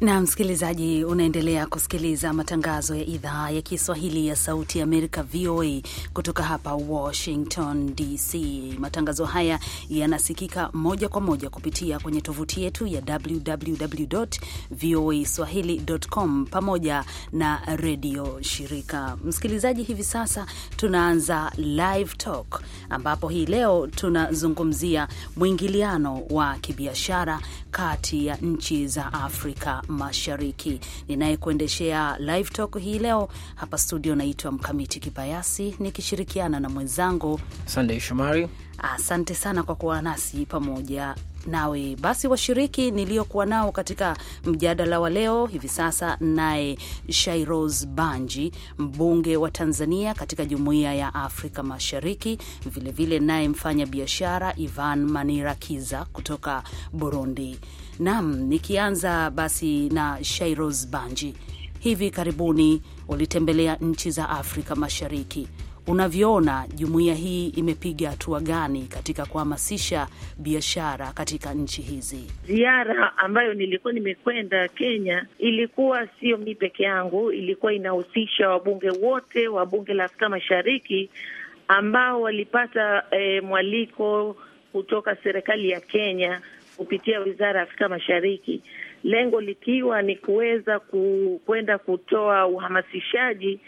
na msikilizaji, unaendelea kusikiliza matangazo ya idhaa ya Kiswahili ya Sauti ya Amerika, VOA, kutoka hapa Washington DC. Matangazo haya yanasikika moja kwa moja kupitia kwenye tovuti yetu ya www voa swahili.com pamoja na redio shirika. Msikilizaji, hivi sasa tunaanza Live Talk ambapo hii leo tunazungumzia mwingiliano wa kibiashara kati ya nchi za Afrika Mashariki. Ninayekuendeshea live talk hii leo hapa studio naitwa Mkamiti Kibayasi nikishirikiana na mwenzangu sandey Shomari. Asante sana kwa kuwa nasi pamoja nawe. Basi washiriki niliyokuwa nao katika mjadala wa leo hivi sasa, naye Shairos Banji, mbunge wa Tanzania katika Jumuiya ya Afrika Mashariki, vilevile naye mfanya biashara Ivan Manirakiza kutoka Burundi. nam nikianza basi na Shairos Banji, hivi karibuni ulitembelea nchi za Afrika Mashariki unavyoona jumuiya hii imepiga hatua gani katika kuhamasisha biashara katika nchi hizi? Ziara ambayo nilikuwa nimekwenda Kenya ilikuwa sio mi peke yangu, ilikuwa inahusisha wabunge wote wa bunge la Afrika Mashariki ambao walipata e, mwaliko kutoka serikali ya Kenya kupitia wizara ya Afrika Mashariki, lengo likiwa ni kuweza kwenda kutoa uhamasishaji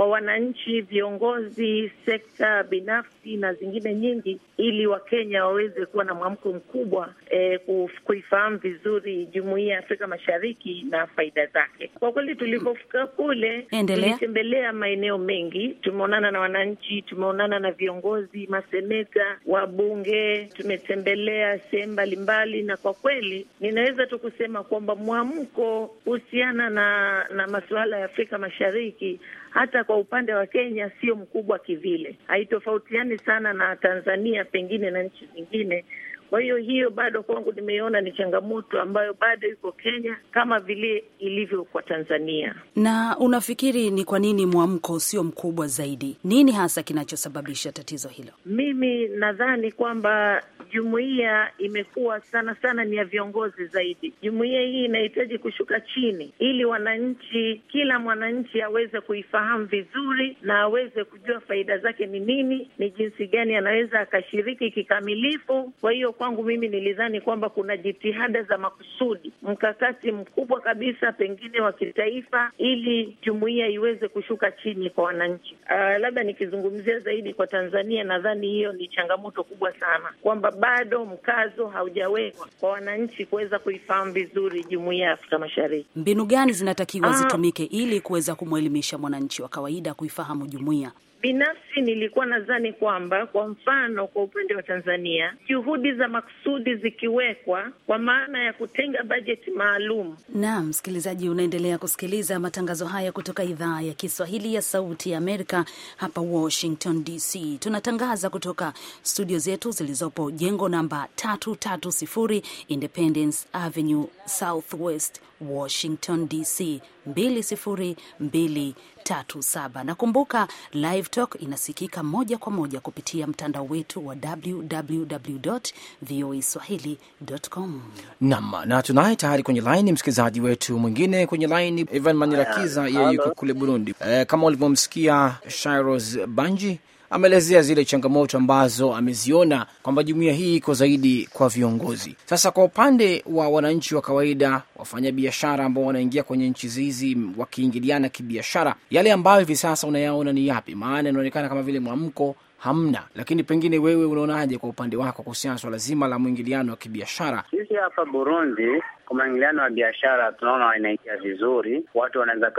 kwa wananchi, viongozi, sekta binafsi na zingine nyingi, ili Wakenya waweze kuwa na mwamko mkubwa e, kuifahamu vizuri jumuiya ya Afrika Mashariki na faida zake. Kwa kweli tulipofika kule, tulitembelea maeneo mengi, tumeonana na wananchi, tumeonana na viongozi, maseneta, wabunge, tumetembelea sehemu mbalimbali, na kwa kweli ninaweza tu kusema kwamba mwamko kuhusiana na, na masuala ya Afrika Mashariki hata kwa upande wa Kenya sio mkubwa kivile, haitofautiani sana na Tanzania pengine na nchi zingine. Kwa hiyo hiyo bado kwangu nimeiona ni changamoto ambayo bado iko Kenya kama vile ilivyo kwa Tanzania. Na unafikiri ni kwa nini mwamko sio mkubwa zaidi? Nini hasa kinachosababisha tatizo hilo? Mimi nadhani kwamba jumuiya imekuwa sana sana ni ya viongozi zaidi. Jumuiya hii inahitaji kushuka chini, ili wananchi, kila mwananchi aweze kuifahamu vizuri na aweze kujua faida zake ni nini, ni jinsi gani anaweza akashiriki kikamilifu. Kwa hiyo kwangu mimi nilidhani kwamba kuna jitihada za makusudi, mkakati mkubwa kabisa, pengine wa kitaifa, ili jumuiya iweze kushuka chini kwa wananchi. Uh, labda nikizungumzia zaidi kwa Tanzania, nadhani hiyo ni changamoto kubwa sana kwamba bado mkazo haujawekwa kwa wananchi kuweza kuifahamu vizuri jumuiya ya Afrika Mashariki. Mbinu gani zinatakiwa ah. zitumike ili kuweza kumwelimisha mwananchi wa kawaida kuifahamu jumuiya? Binafsi nilikuwa nadhani kwamba kwa mfano, kwa upande wa Tanzania, juhudi za maksudi zikiwekwa kwa maana ya kutenga bajeti maalum. Naam, msikilizaji, unaendelea kusikiliza matangazo haya kutoka idhaa ya Kiswahili ya Sauti ya Amerika hapa Washington DC. Tunatangaza kutoka studio zetu zilizopo jengo namba 330 Independence Avenue Southwest Washington DC 20237. Nakumbuka Live Talk inasikika moja kwa moja kupitia mtandao wetu wa www www.voaswahili.com. nam na tunaye tayari kwenye laini msikilizaji wetu mwingine kwenye laini, Evan Manirakiza, yeye yuko kule Burundi. E, kama ulivyomsikia Shiros Banji ameelezea zile changamoto ambazo ameziona kwamba jumuia hii iko zaidi kwa viongozi. Sasa kwa upande wa wananchi wa kawaida, wafanyabiashara ambao wanaingia kwenye nchi hizi wakiingiliana kibiashara, yale ambayo hivi sasa unayaona ni yapi? Maana inaonekana kama vile mwamko hamna lakini, pengine wewe unaonaje kwa upande wako kuhusiana swala zima la mwingiliano wa kibiashara? Sisi hapa Burundi, kwa mwingiliano wa biashara tunaona inaingia vizuri, watu wanaweza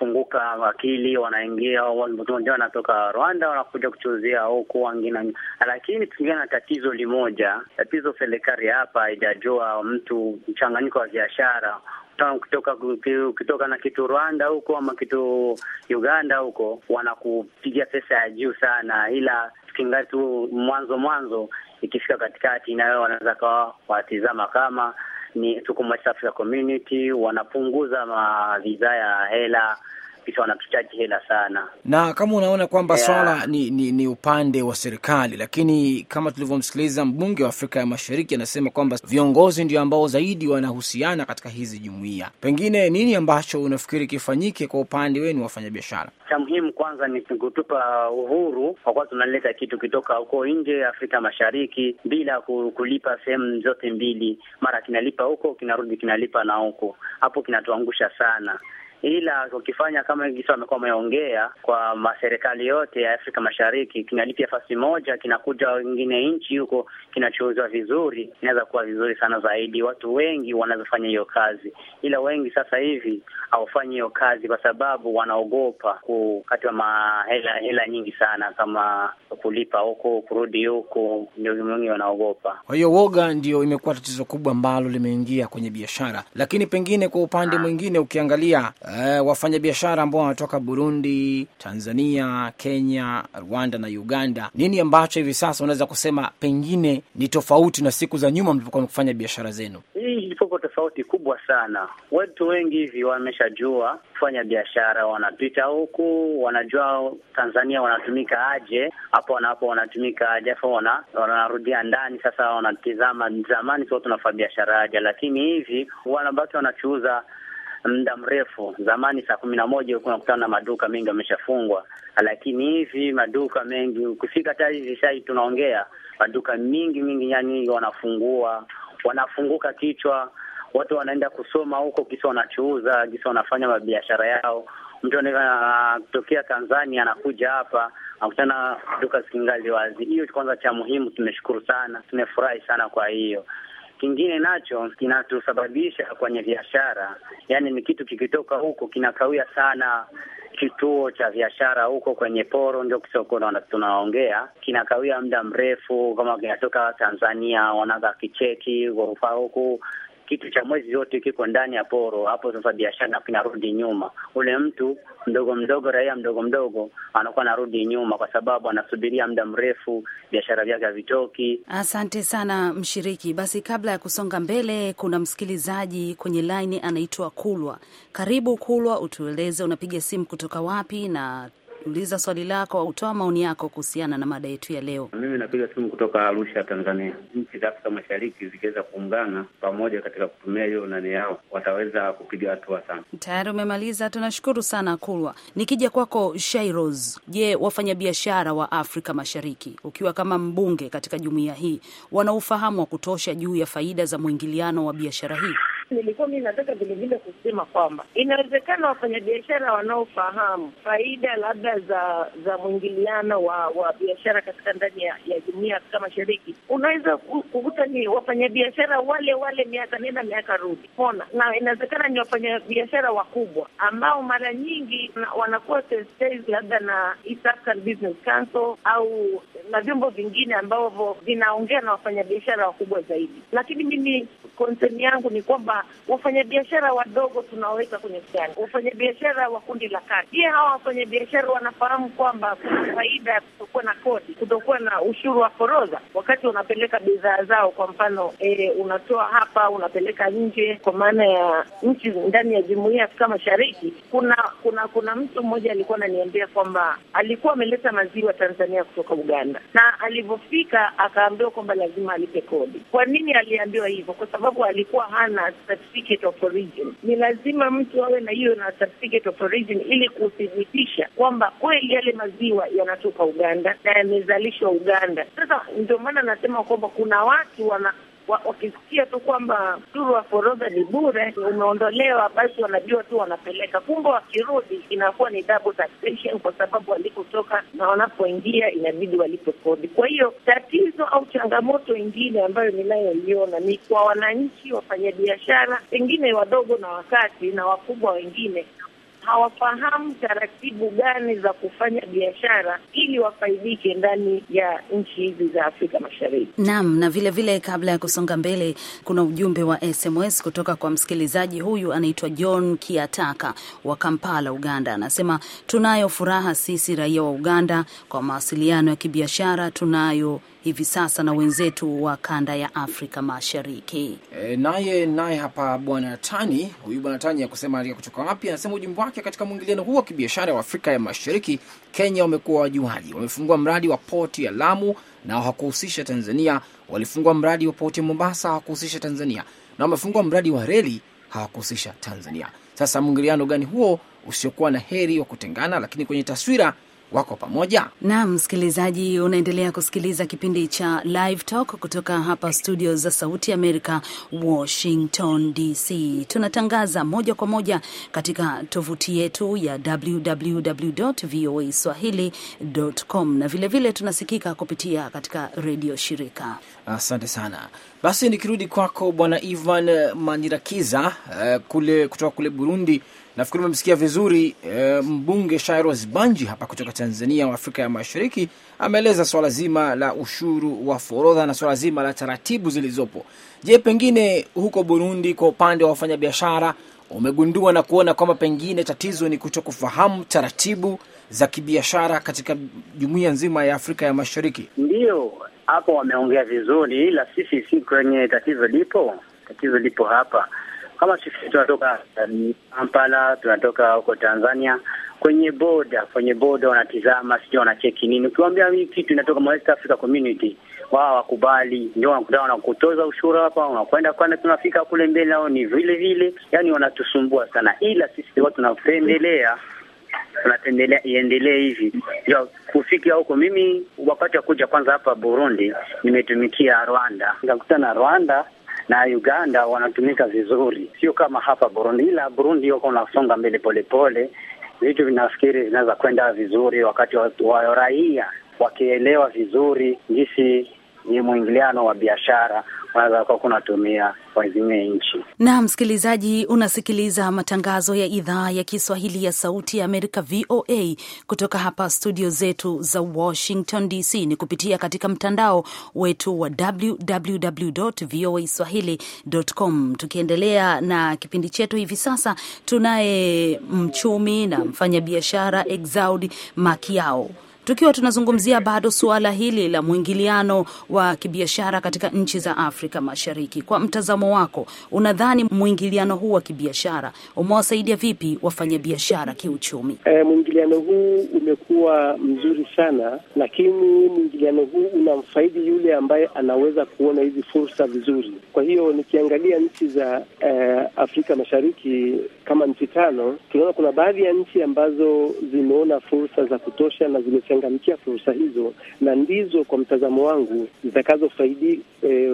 kufunguka wakili wanaingia wanaingia wanatoka Rwanda wanakuja kuchuzia huku wengine, lakini tukiingia na tatizo limoja, tatizo serikali hapa haijajua mtu mchanganyiko wa biashara ukitoka kutoka na kitu Rwanda huko ama kitu Uganda huko wanakupigia pesa ya juu sana, ila tukinga tu mwanzo mwanzo, ikifika katikati nayo wanaweza kawa watizama kama ni tuko West Community, wanapunguza bidhaa ya hela kabisa wanatuchaji hela sana, na kama unaona kwamba yeah, swala ni, ni, ni upande wa serikali, lakini kama tulivyomsikiliza mbunge wa Afrika ya Mashariki anasema kwamba viongozi ndio ambao zaidi wanahusiana katika hizi jumuiya. Pengine nini ambacho unafikiri kifanyike kwa upande wenu wafanyabiashara? Cha muhimu kwanza ni kutupa uhuru kwa kuwa tunaleta kitu kitoka huko nje Afrika Mashariki bila kulipa sehemu zote mbili, mara kinalipa huko kinarudi kinalipa na huko, hapo kinatuangusha sana ila ukifanya kama hivi amekuwa ameongea kwa maserikali yote ya Afrika Mashariki, kinalipia fasi moja, kinakuja wengine nchi huko, kinachouzwa vizuri, inaweza kuwa vizuri sana zaidi. Watu wengi wanazofanya hiyo kazi, ila wengi sasa hivi hawafanyi hiyo kazi kwa sababu wanaogopa kukatwa mahela hela nyingi sana, kama kulipa huko kurudi huko, ndio wengi wanaogopa. Kwa hiyo woga ndio imekuwa tatizo kubwa ambalo limeingia kwenye biashara, lakini pengine kwa upande mwingine ukiangalia uh, uh, wafanyabiashara ambao wanatoka Burundi, Tanzania, Kenya, Rwanda na Uganda, nini ambacho hivi sasa unaweza kusema pengine ni tofauti na siku za nyuma mlipokuwa mkifanya biashara zenu? Hii ilikuwa tofauti kubwa sana. Watu wengi hivi wameshajua kufanya biashara, wanapita huku, wanajua Tanzania wanatumika aje, hapo na hapo wanatumika aje, afu wana, wanarudia ndani sasa, wanatizama zamani sio tunafanya biashara aje, lakini hivi wanabaki wanachuuza muda mrefu. Zamani saa kumi na moja ulikuwa unakutana na maduka mengi yameshafungwa, lakini hivi maduka mengi ukifika hata hivi sai tunaongea, maduka mingi mingi, yani wanafungua wanafunguka kichwa, watu wanaenda kusoma huko, kisa wanachuuza, kisa wanafanya mabiashara yao. Mtu anatokea Tanzania anakuja hapa akutana duka zikingali wazi. Hiyo kwanza cha muhimu, tumeshukuru sana, tumefurahi sana kwa hiyo Kingine nacho kinatusababisha kwenye biashara, yaani ni kitu kikitoka huko kinakawia sana kituo cha biashara huko kwenye poro ndio kisoko tunaongea, kinakawia muda mrefu. Kama kinatoka Tanzania wanaga kicheki huku kitu cha mwezi yote kiko ndani ya poro hapo. Sasa biashara kinarudi nyuma, ule mtu mdogo mdogo, raia mdogo mdogo anakuwa anarudi nyuma, kwa sababu anasubiria muda mrefu, biashara vyake havitoki. Asante sana mshiriki. Basi kabla ya kusonga mbele, kuna msikilizaji kwenye laini anaitwa Kulwa. Karibu Kulwa, utueleze unapiga simu kutoka wapi na uliza swali lako au toa maoni yako kuhusiana na mada yetu ya leo. Mimi napiga simu kutoka Arusha, Tanzania. Nchi za Afrika Mashariki zikiweza kuungana pamoja katika kutumia hiyo nani yao, wataweza kupiga hatua sana. Tayari umemaliza, tunashukuru sana Kulwa. Nikija kwako Shairos, je, wafanyabiashara wa Afrika Mashariki ukiwa kama mbunge katika jumuiya hii, wana ufahamu wa kutosha juu ya faida za mwingiliano wa biashara hii? nilikuwa mi nataka vilevile kusema kwamba inawezekana wafanyabiashara wanaofahamu faida labda za za mwingiliano wa wa biashara katika ndani ya, jumuia jumuiya ya Afrika Mashariki, unaweza kukuta ni wafanyabiashara wale wale miaka nenda miaka rudi, pona na inawezekana ni wafanyabiashara wakubwa ambao mara nyingi wanakuwa labda na East African Business Council au na vyombo vingine ambavyo vinaongea na wafanyabiashara wakubwa zaidi, lakini mimi konseni yangu ni kwamba wafanyabiashara wadogo tunaweka kwenye mtihani, wafanyabiashara wa kundi la kati. Pia hawa wafanyabiashara wanafahamu kwamba kuna faida ya kutokuwa na kodi, kutokuwa na ushuru wa forodha wakati wanapeleka bidhaa zao? Kwa mfano e, unatoa hapa unapeleka nje, kwa maana ya nchi ndani ya jumuiya ya Afrika Mashariki. Kuna kuna kuna mtu mmoja alikuwa ananiambia kwamba alikuwa ameleta maziwa Tanzania kutoka Uganda na alivyofika akaambiwa kwamba lazima alipe kodi. Kwa nini aliambiwa hivyo? Kwa sababu alikuwa hana certificate of origin. Ni lazima mtu awe na hiyo na certificate of origin ili kuthibitisha kwamba kweli yale maziwa yanatoka Uganda na yamezalishwa Uganda. Sasa ndio maana nasema kwamba kuna watu wana wakisikia tu kwamba turu wa forodha ni bure umeondolewa, basi wanajua tu wanapeleka, kumbe wakirudi inakuwa ni double taxation, kwa sababu walikotoka na wanapoingia inabidi walipe kodi. Kwa hiyo tatizo au changamoto ingine ambayo ninayoiona ni kwa wananchi wafanyabiashara, pengine wadogo na wakati na wakubwa wengine hawafahamu taratibu gani za kufanya biashara ili wafaidike ndani ya nchi hizi za Afrika Mashariki. Naam, na vilevile vile, kabla ya kusonga mbele, kuna ujumbe wa SMS kutoka kwa msikilizaji huyu, anaitwa John Kiataka wa Kampala, Uganda. Anasema tunayo furaha sisi raia wa Uganda kwa mawasiliano ya kibiashara tunayo hivi sasa na wenzetu wa kanda ya Afrika Mashariki. E, naye naye hapa bwana Tani, huyu bwana Tani akusema kutoka wapi, anasema ujumbe wake katika mwingiliano huu wa kibiashara wa Afrika ya Mashariki, Kenya wamekuwa wajuaji, wamefungua mradi wa poti ya Lamu na hawakuhusisha Tanzania, walifungua mradi wa poti ya Mombasa hawakuhusisha Tanzania, na wamefungua mradi wa reli hawakuhusisha Tanzania. Sasa mwingiliano gani huo usiokuwa na heri wa kutengana, lakini kwenye taswira wako pamoja. Naam, msikilizaji, unaendelea kusikiliza kipindi cha Live Talk kutoka hapa studio za Sauti ya Amerika, Washington DC. Tunatangaza moja kwa moja katika tovuti yetu ya voa swahilicom na vilevile vile tunasikika kupitia katika redio shirika. Asante sana. Basi nikirudi kwako Bwana Ivan Manirakiza uh, eh, kule kutoka kule Burundi Nafikiri umemsikia vizuri e, mbunge Shairos Banji hapa kutoka Tanzania wa Afrika ya Mashariki ameeleza swala zima la ushuru wa forodha na swala zima la taratibu zilizopo. Je, pengine huko Burundi kwa upande wa wafanyabiashara umegundua na kuona kwamba pengine tatizo ni kuto kufahamu taratibu za kibiashara katika jumuiya nzima ya Afrika ya Mashariki? Ndiyo, hapo wameongea vizuri, ila sisi si kwenye tatizo lipo, tatizo lipo hapa kama sisi tunatoka Kampala, tunatoka huko Tanzania, kwenye boda kwenye boda wanatizama, sijui wanacheki nini. Ukiwaambia hii kitu inatoka West Africa Community, wao wakubali, ndio wanakutana wanakutoza ushuru hapa, wanakwenda kwenda, tunafika kule mbele, nao ni vile vile, yani wanatusumbua sana, ila sisi watu tunapendelea tunapendelea iendelee hivi ya kufikia huko. Mimi wakati wa kuja kwanza hapa Burundi nimetumikia Rwanda, nikakutana na Rwanda na Uganda wanatumika vizuri, sio kama hapa Burundi, ila Burundi wako wanasonga mbele polepole, vitu vinafikiri vinaweza kwenda vizuri wakati wa, wa raia wakielewa vizuri jinsi ni mwingiliano wa biashara wala kwa kunatumia kwa zingine nchi. Na msikilizaji, unasikiliza matangazo ya idhaa ya Kiswahili ya Sauti ya Amerika, VOA, kutoka hapa studio zetu za Washington DC, ni kupitia katika mtandao wetu wa www voa swahili.com. Tukiendelea na kipindi chetu hivi sasa, tunaye mchumi na mfanyabiashara Exaud Makiao Tukiwa tunazungumzia bado suala hili la mwingiliano wa kibiashara katika nchi za Afrika Mashariki, kwa mtazamo wako, unadhani mwingiliano huu wa kibiashara umewasaidia vipi wafanyabiashara kiuchumi? E, mwingiliano huu umekuwa mzuri sana, lakini mwingiliano huu unamfaidi yule ambaye anaweza kuona hizi fursa vizuri. Kwa hiyo nikiangalia nchi za e, Afrika Mashariki kama nchi tano, tunaona kuna baadhi ya nchi ambazo zimeona fursa za kutosha na zime kuchangamkia fursa hizo, na ndizo kwa mtazamo wangu zitakazofaidi e,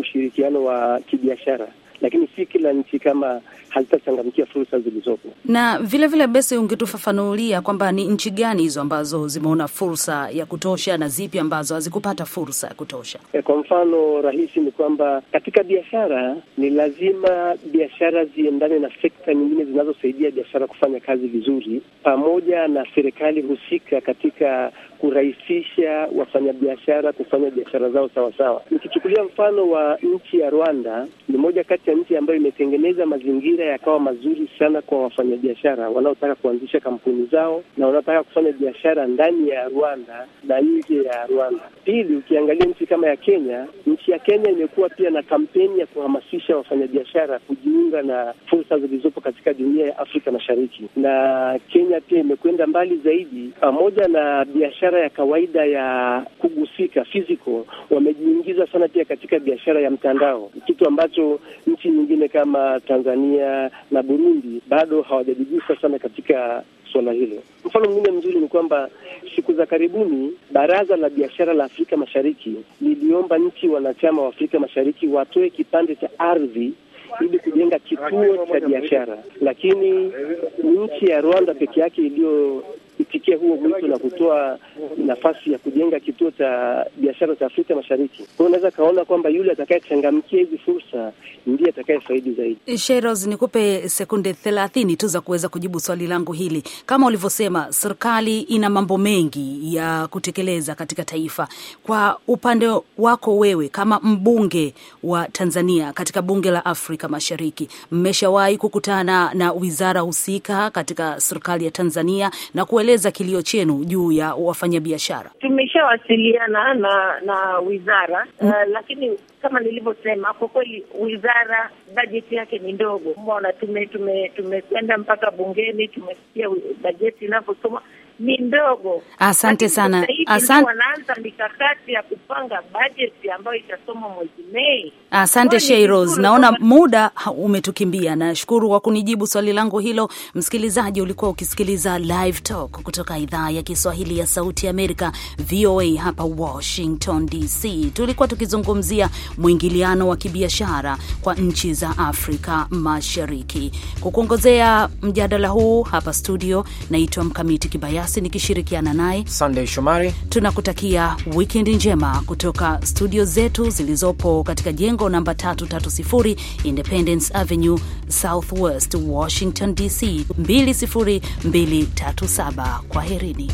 ushirikiano wa kibiashara, lakini si kila nchi kama halitachangamkia fursa zilizopo. Na vile vile, Bese, ungetufafanulia kwamba ni nchi gani hizo ambazo zimeona fursa ya kutosha na zipi ambazo hazikupata fursa ya kutosha? E, kwa mfano rahisi ni kwamba katika biashara ni lazima biashara ziendane na sekta nyingine zinazosaidia biashara kufanya kazi vizuri, pamoja na serikali husika katika kurahisisha wafanyabiashara kufanya biashara zao sawasawa. Nikichukulia mfano wa nchi ya Rwanda, ni moja kati ya nchi ambayo imetengeneza mazingira mazingira yakawa mazuri sana kwa wafanyabiashara wanaotaka kuanzisha kampuni zao na wanaotaka kufanya biashara ndani ya Rwanda na nje ya Rwanda. Pili, ukiangalia nchi kama ya Kenya, nchi ya Kenya imekuwa pia na kampeni ya kuhamasisha wafanyabiashara kujiunga na fursa zilizopo katika dunia ya Afrika Mashariki, na Kenya pia imekwenda mbali zaidi, pamoja na biashara ya kawaida ya kugusika physical, wamejiingiza sana pia katika biashara ya mtandao, kitu ambacho nchi nyingine kama Tanzania Kenya na Burundi bado hawajajigusa sana katika suala hilo. Mfano mwingine mzuri ni kwamba siku za karibuni Baraza la Biashara la Afrika Mashariki liliomba nchi wanachama wa Afrika Mashariki watoe kipande cha ardhi ili kujenga kituo cha biashara, lakini nchi ya Rwanda peke yake iliyo kuitikia huo mwito na kutoa nafasi ya kujenga kituo cha biashara cha Afrika Mashariki. Kwa hiyo unaweza kaona kwamba yule atakayechangamkia hizi fursa ndiye atakayefaidi zaidi. Sheros, nikupe sekunde thelathini tu za kuweza kujibu swali langu hili. Kama ulivyosema, serikali ina mambo mengi ya kutekeleza katika taifa. Kwa upande wako wewe kama mbunge wa Tanzania katika bunge la Afrika Mashariki, mmeshawahi kukutana na wizara husika katika serikali ya Tanzania na kuele kueleza kilio chenu juu ya wafanyabiashara? Tumeshawasiliana na na wizara mm. Uh, lakini kama nilivyosema kwa kweli wizara bajeti yake ni ndogo. Mbona tumekwenda tume, tume mpaka bungeni, tumesikia bajeti inavyosoma ni ndogo. Asante sana, asante. Wanaanza mikakati ya kupanga bajeti ambayo itasoma mwezi Mei. Asante Rose, naona muda umetukimbia. Nashukuru kwa kunijibu swali langu hilo. Msikilizaji, ulikuwa ukisikiliza Live Talk kutoka idhaa ya Kiswahili ya Sauti ya Amerika, VOA hapa Washington DC. Tulikuwa tukizungumzia mwingiliano wa kibiashara kwa nchi za Afrika Mashariki. Kukuongozea mjadala huu hapa studio, naitwa Mkamiti Kibaya Kibayasi nikishirikiana naye Sunday Shomari. Tunakutakia wikendi njema kutoka studio zetu zilizopo katika jengo namba 330 Independence Avenue Southwest, Washington DC 20237. Kwaherini.